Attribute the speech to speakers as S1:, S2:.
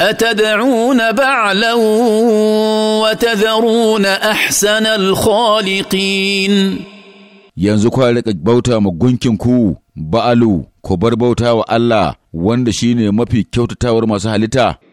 S1: اتدعون بعلا وتذرون احسن الخالقين
S2: yanzu kwa rika bauta ma gunkinku ba'alu ku bar bauta wa Allah wanda shine mafi kyautatawar masu
S3: halitta